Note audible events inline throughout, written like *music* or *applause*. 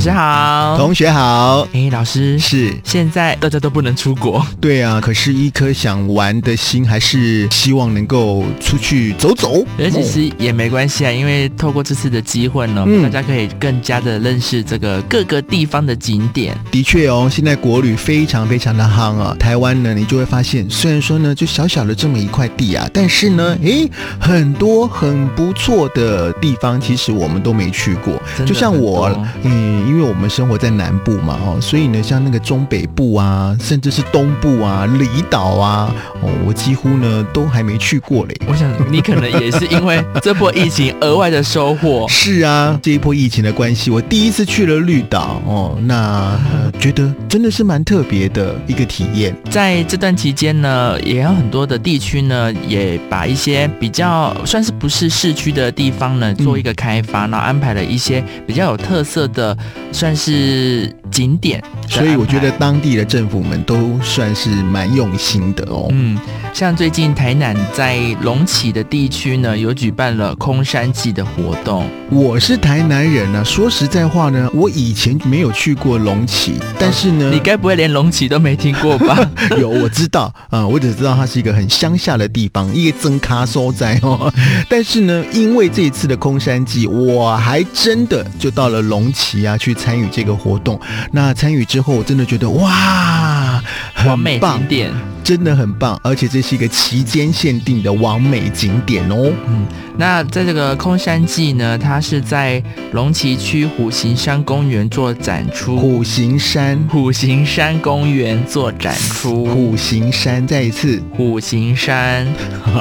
老師好，同學好，哎、欸，老師是現在大家都不能出國，對啊，可是，一顆想玩的心還是希望能夠出去走走。而且其實也沒關係啊，因為透過這次的機會呢，大家可以更加的認識這個各個地方的景點。嗯、的確哦，現在國旅非常非常的夯啊，台灣呢，你就會發現，雖然說呢，就小小的這麼一塊地啊，但是呢，哎、欸，很多很不錯的地方，其實我們都沒去過。就像我，嗯。因為我們生活在南部嘛，哦，所以呢，像那個中北部啊，甚至是東部啊、離島啊，哦，我幾乎呢都還沒去過嘞。我想你可能也是因為這波疫情額外的收穫。 *laughs* 是啊，這一波疫情的關係，我第一次去了綠島，哦，那、呃、覺得真的是蠻特別的一個體驗。在這段期間呢，也有很多的地區呢，也把一些比較算是不是市區的地方呢，做一個開發，嗯、然後安排了一些比較有特色的。算是景點，所以我覺得當地的政府們都算是蠻用心的哦。嗯，像最近台南在龍崎的地區呢，有舉辦了空山祭的活動。對我是台南人呢，啊，說實在話呢，我以前沒有去過龍崎。但是呢，啊、你該不會連龍崎都沒聽過吧？ *laughs* *laughs* 有，我知道啊，嗯，我只知道它是一個很鄉下的地方， *laughs* 一個增咖所在哦。但是呢，因為這一次的空山祭，我還真的就到了龍崎啊去。去參與這個活動，那參與之後，我真的覺得哇，很棒點。真的很棒，而且這是一個期間限定的完美景點哦。嗯，那在這個《空山祭》呢，它是在龍崎區虎形山公園做展出。虎形山，虎形山公園做展出。虎形山，再一次，虎形山。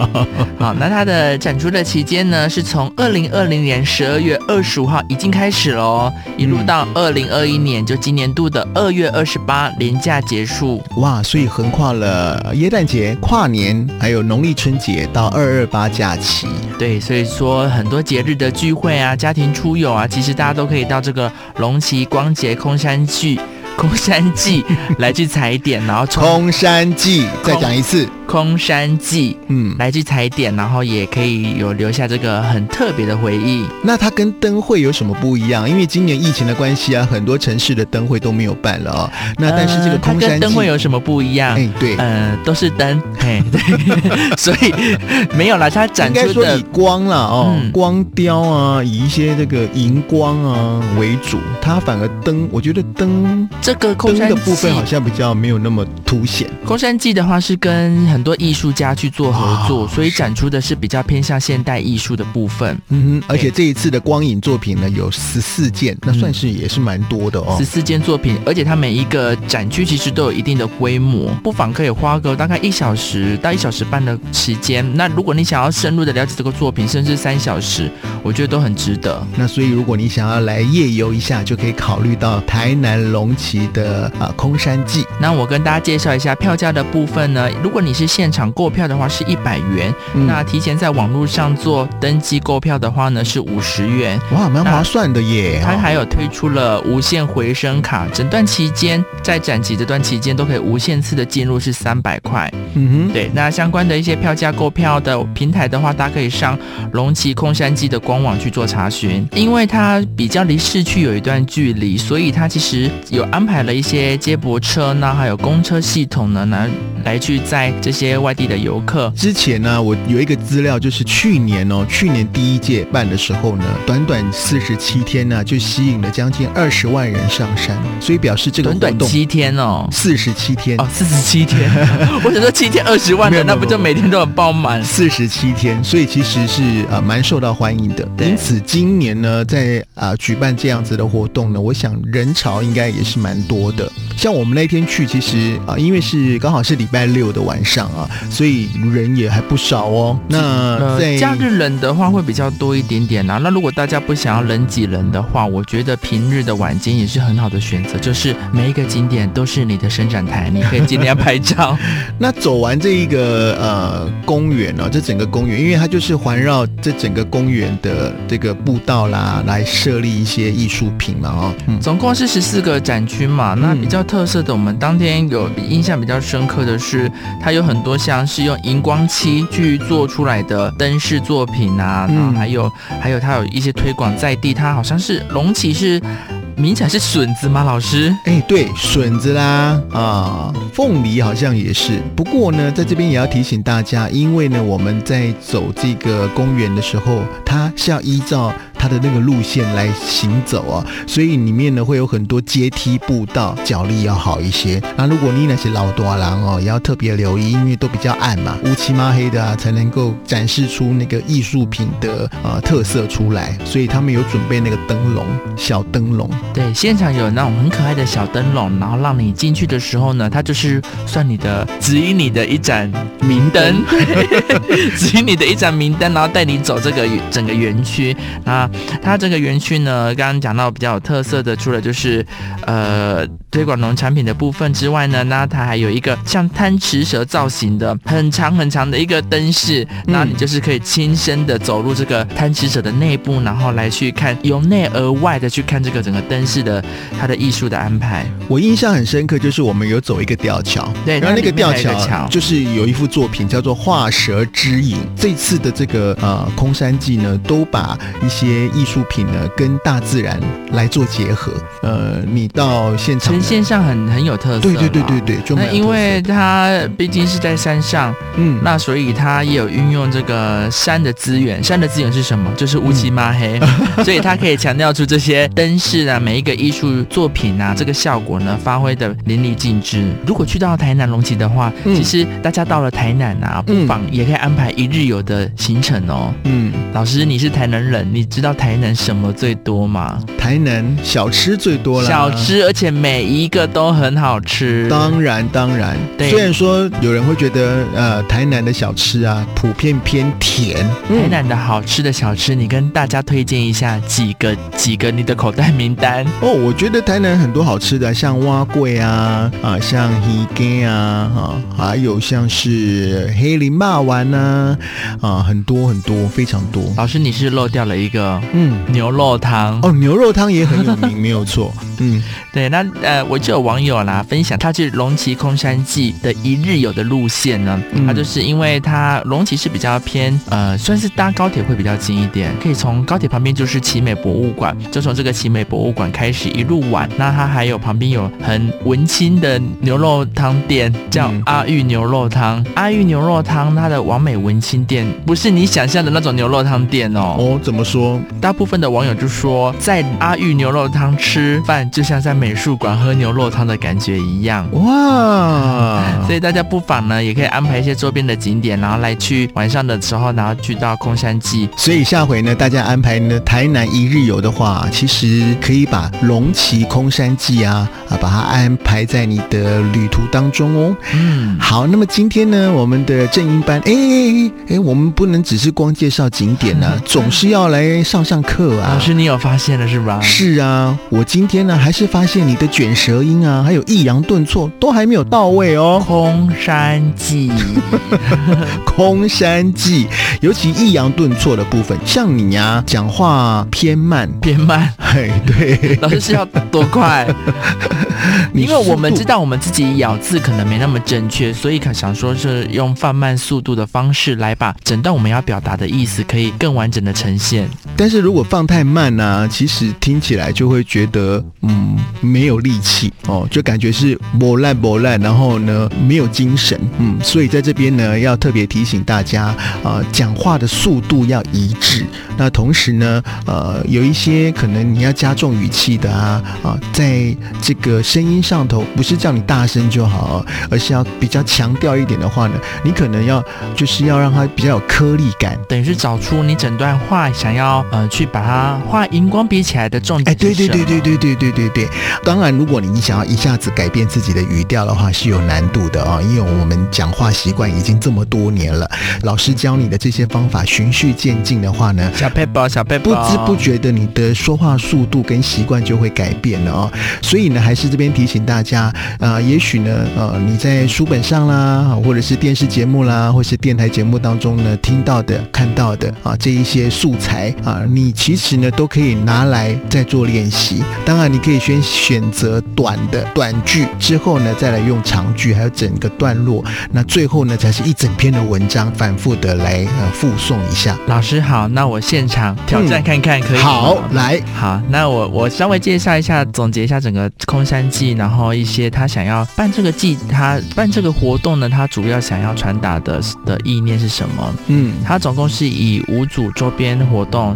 *laughs* 好，那它的展出的期間呢，是從二零二零年十二月二十五號已經開始嘍，一路到二零二一年就今年度的二月二十八連假結束。嗯、哇，所以橫跨了。呃，耶誕節、跨年，還有農曆春節到二二八假期，對，所以說很多節日的聚會啊、家庭出遊啊，其實大家都可以到這個龍崎光節空，空山祭、去 *laughs* 空山祭，來去踩點，然後空山祭，再講一次。空山祭。嗯，來去踩點，嗯、然後也可以有留下這個很特別的回憶。那它跟燈會有什麼不一樣？因為今年疫情的關係啊，很多城市的燈會都沒有辦了啊、喔。那但是這個空山，燈、嗯、會有什麼不一樣？哎、欸，對，呃、嗯，都是燈，哎、欸，對， *laughs* *laughs* 所以沒有了。它展出的應該說以光了哦、喔，嗯、光雕啊，以一些這個熒光啊為主。它反而燈，我覺得燈這個空山祭、燈的部分好像比較沒有那麼凸顯。空山祭的話是跟很很多藝術家去做合作，所以展出的是比較偏向現代藝術的部分。嗯哼，而且這一次的光影作品呢，有十四件，那算是也是蠻多的哦。十四件作品，而且它每一個展區其實都有一定的規模，不妨可以花個大概一小時到一小時半的時間。那如果你想要深入的了解這個作品，甚至三小時，我覺得都很值得。那所以如果你想要來夜遊一下，就可以考慮到台南龍崎的啊空山祭。那我跟大家介紹一下票價的部分呢，如果你是。現場購票的話是一百元，嗯、那提前在網絡上做登記購票的話呢是五十元。哇，蠻划算的耶。它那、哦、還有推出了無限回聲卡，整段期間，在展期這段期間都可以無限次的進入，是三百塊。嗯哼，對，那相關的一些票價購票的平台的話，大家可以上龍崎空山祭的官網去做查詢，因為它比較離市區有一段距離，所以它其實有安排了一些接駁車呢，那還有公車系統呢，來來去在這些接外地的遊客，之前呢，我有一個資料，就是去年哦，去年第一屆辦的時候呢，短短四十七天呢，就吸引了將近二十萬人上山，所以表示這個短短七天哦，四十七天啊，四十七天，哦、四十七天 *laughs* 我想說七天二十萬人， *laughs* no, no, no, 那不就每天都很爆滿？四十七天，所以其實是呃蠻受到歡迎的。對因此今年呢，在啊、呃、舉辦這樣子的活動呢，我想人潮應該也是蠻多的。像我們那天去，其實啊、呃，因為是剛好是禮拜六的晚上。啊，所以人也還不少哦。那在、呃、假日人的話會比較多一點點啊。那如果大家不想要人擠人的話，我覺得平日的晚間也是很好的選擇。就是每一個景點都是你的伸展台，你可以今天要拍照。 *laughs* 那走完這一個呃公園哦，這整個公園，因為它就是環繞這整個公園的這個步道啦，來設立一些藝術品嘛，哦，嗯、總共是十四個展區嘛。那比較特色的，我們當天有印象比較深刻的是，它有。很多像是用熒光漆去做出來的燈飾作品啊，還有、嗯、還有它有一些推廣在地，它好像是龍崎是，名產是筍子嗎？老師？哎、欸，對，筍子啦，啊、呃，鳳梨好像也是。不過呢，在這邊也要提醒大家，因為呢，我們在走這個公園的時候，它是要依照。他的那個路線來行走啊，所以裡面呢，會有很多階梯步道，腳力要好一些。那、啊、如果你那些老多啊哦，也要特別留意，因為都比較暗嘛，烏漆嘛黑的啊，才能夠展示出那個藝術品的呃、啊、特色出來。所以他們有準備那個燈籠，小燈籠，對，現場有那種很可愛的小燈籠，然後讓你進去的時候呢，它就是算你的指引你的一盞明燈， *laughs* 指引你的一盞明燈，然後帶你走這個整個園區啊。它這個園區呢，剛剛講到比較有特色的，除了就是，呃，推廣農產品的部分之外呢，那它還有一個像貪吃蛇造型的很長很長的一個燈飾，那、嗯、你就是可以親身的走入這個貪吃蛇的內部，然後來去看由內而外的去看這個整個燈飾的它的藝術的安排。我印象很深刻，就是我們有走一個吊橋，對，然後那個吊橋就是有一幅作品叫做《畫蛇之影》。嗯、這次的這個呃空山祭呢，都把一些，藝術品呢，跟大自然來做結合。呃，你到現場，其實現場很很有特色。對對對對對，就那因為它畢竟是在山上，嗯，那所以它也有運用這個山的資源。山的資源是什麼？就是烏漆麻黑，嗯、所以它可以強調出這些燈飾啊， *laughs* 每一個藝術作品啊，這個效果呢發揮得淋漓盡致。如果去到台南龍崎的話，嗯、其實大家到了台南啊，嗯、不妨也可以安排一日遊的行程哦。嗯，老師你是台南人，你知道。台南什麼最多嘛？台南小吃最多了，小吃，而且每一個都很好吃。當然當然，當然對雖然說有人會覺得，呃，台南的小吃啊，普遍偏甜。台南的好吃的小吃，嗯、你跟大家推薦一下幾個？幾個你的口袋名單？哦，我覺得台南很多好吃的，像碗粿啊，啊，像黑雞啊，啊，還有像是黑林麻丸呢、啊，啊，很多很多，非常多。老師，你是漏掉了一個。嗯，牛肉湯哦，牛肉湯也很有名， *laughs* 沒有錯。嗯，對，那呃，我就有網友啦分享，他去龍崎空山祭的一日遊的路線呢，嗯、他就是因為他龍崎是比較偏呃，算是搭高鐵會比較近一點，可以從高鐵旁邊就是奇美博物館，就從這個奇美博物館開始一路玩。那他還有旁邊有很文青的牛肉湯店，叫阿玉牛肉湯。嗯、阿玉牛肉湯，阿玉牛肉湯，它的完美文青店，不是你想象的那種牛肉湯店哦。哦，怎麼說？大部分的網友就說，在阿裕牛肉湯吃飯，就像在美術館喝牛肉湯的感覺一樣。哇、嗯！所以大家不妨呢，也可以安排一些周邊的景點，然後來去晚上的時候，然後去到空山祭。所以下回呢，大家安排呢台南一日遊的話，其實可以把龍崎空山祭啊，啊，把它安排在你的旅途當中哦。嗯，好，那麼今天呢，我們的正音班，哎哎哎，我們不能只是光介紹景點呢、啊，嗯、總是要來上。上課啊，老師，你有發現了是吧？是啊，我今天呢還是發現你的卷舌音啊，還有抑揚頓挫都還沒有到位哦。空山祭、 *laughs* 空山祭，尤其抑揚頓挫的部分，像你呀、啊，講話偏、啊、慢，偏慢。偏慢哎，對， *laughs* 老師是要多快？ *laughs* 濕度 因為我們知道我們自己咬字可能沒那麼正確，所以可想說是用放慢速度的方式來把整段我們要表達的意思可以更完整的呈現。但但是如果放太慢呢、啊，其實聽起來就會覺得嗯沒有力氣哦，就感覺是磨爛磨爛，然後呢沒有精神，嗯，所以在這邊呢要特別提醒大家啊、呃，講話的速度要一致。那同時呢，呃，有一些可能你要加重語氣的啊啊、呃，在這個聲音上頭，不是叫你大聲就好，而是要比較強調一點的話呢，你可能要就是要讓它比較有顆粒感，等於是找出你整段話想要。去把它畫熒光筆起來的重點。對對、哎、對對對對對對對。當然，如果你想要一下子改變自己的語調的話，是有難度的啊、哦，因為我們講話習慣已經這麼多年了。老師教你的這些方法，嗯、循序漸進的話呢，小佩寶，小佩寶，不知不覺的，你的說話速度跟習慣就會改變了啊、哦。所以呢，還是這邊提醒大家啊、呃，也許呢，呃，你在書本上啦，或者是電視節目啦，或者是電台節目當中呢，聽到的、看到的啊，這一些素材啊。你其實呢都可以拿來再做練習，當然你可以先選，選擇短的短句，之後呢再來用長句，還有整個段落，那最後呢才是一整篇的文章，反覆的來呃複誦一下。老師好，那我現場挑戰看看、嗯、可以有有好，來，好，那我我稍微介紹一下，總結一下整個空山祭，然後一些他想要辦這個祭，他辦這個活動呢，他主要想要傳達的的意念是什麼？嗯，他總共是以五組周邊活動。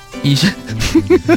藝術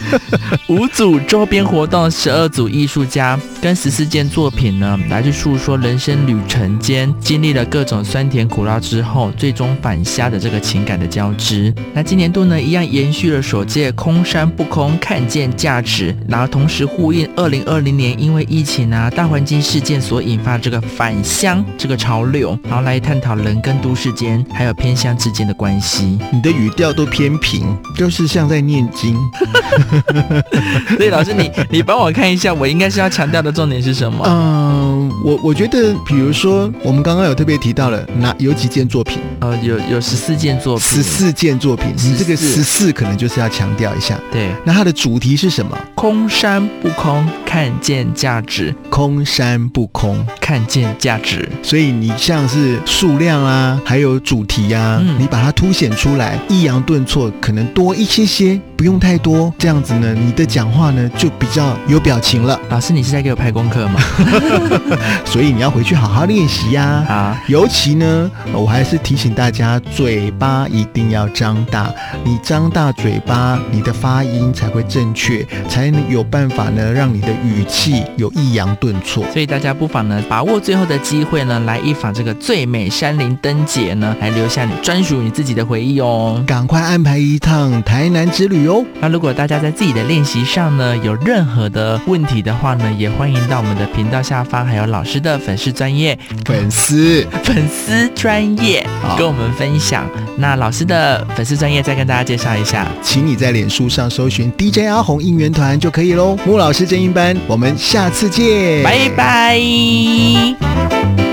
*laughs* 五組周邊活動，十二組藝術家跟十四件作品呢，來去訴說人生旅程間經歷了各種酸甜苦辣之後，最終返鄉的這個情感的交織。那今年度呢，一樣延續了首屆“空山不空，看見價值”，然後同時呼應二零二零年因為疫情啊大環境事件所引發的這個返鄉這個潮流，然後來探討人跟都市間還有偏鄉之間的關係。你的語調都偏平，就是像在念。念經， *laughs* 所以老師，你你幫我看一下，我應該是要強調的重點是什麼？嗯、呃，我我覺得，比如說，我們剛剛有特別提到了，那有幾件作品？呃，有有十四件作品，十四件作品，你這個十四可能就是要強調一下。對，那它的主題是什麼？空山不空。看見價值，空山不空；看見價值，所以你像是數量啊，還有主題啊，嗯、你把它凸顯出來，抑揚頓挫可能多一些些，不用太多。這樣子呢，你的講話呢就比較有表情了。老師，你是在給我拍功課嗎？ *laughs* *laughs* 所以你要回去好好練習呀。啊，啊尤其呢，我還是提醒大家，嘴巴一定要張大。你張大嘴巴，你的發音才會正確，才能有辦法呢，讓你的。語氣有抑揚頓挫，所以大家不妨呢，把握最後的機會呢，來一訪這個最美山林燈節呢，來留下你專屬你自己的回憶哦。趕快安排一趟台南之旅哦。那如果大家在自己的練習上呢，有任何的問題的話呢，也歡迎到我們的頻道下方，還有老師的粉絲專頁粉絲 *laughs* 粉絲專頁跟我們分享。哦、那老師的粉絲專頁再跟大家介紹一下，請你在臉書上搜尋 DJ 阿紅應援團就可以嘍。穆老師精英班。我們下次見，拜拜。